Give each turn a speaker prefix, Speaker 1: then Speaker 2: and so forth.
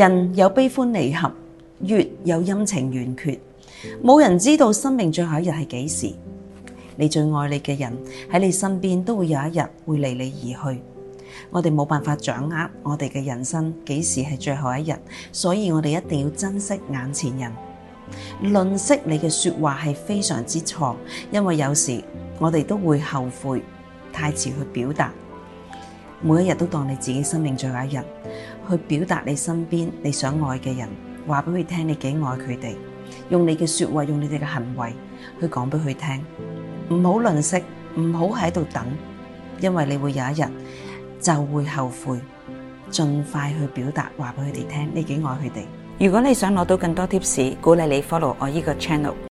Speaker 1: 人有悲歡離合，月有陰晴圓缺，冇人知道生命最後一日係幾時。你最愛你嘅人喺你身邊，都會有一日會離你而去。我哋冇辦法掌握我哋嘅人生幾時係最後一日，所以我哋一定要珍惜眼前人。論識你嘅說話係非常之錯，因為有時我哋都會後悔，太遲去表達。每一日都當你自己生命最後一日，去表達你身邊你想愛嘅人，話俾佢聽你幾愛佢哋，用你嘅說話，用你哋嘅行為去講俾佢聽，唔好吝嗇，唔好喺度等，因為你會有一日就會後悔，盡快去表達，話俾佢哋聽你幾愛佢哋。如果你想攞到更多 tips，鼓勵你 follow 我呢個 channel。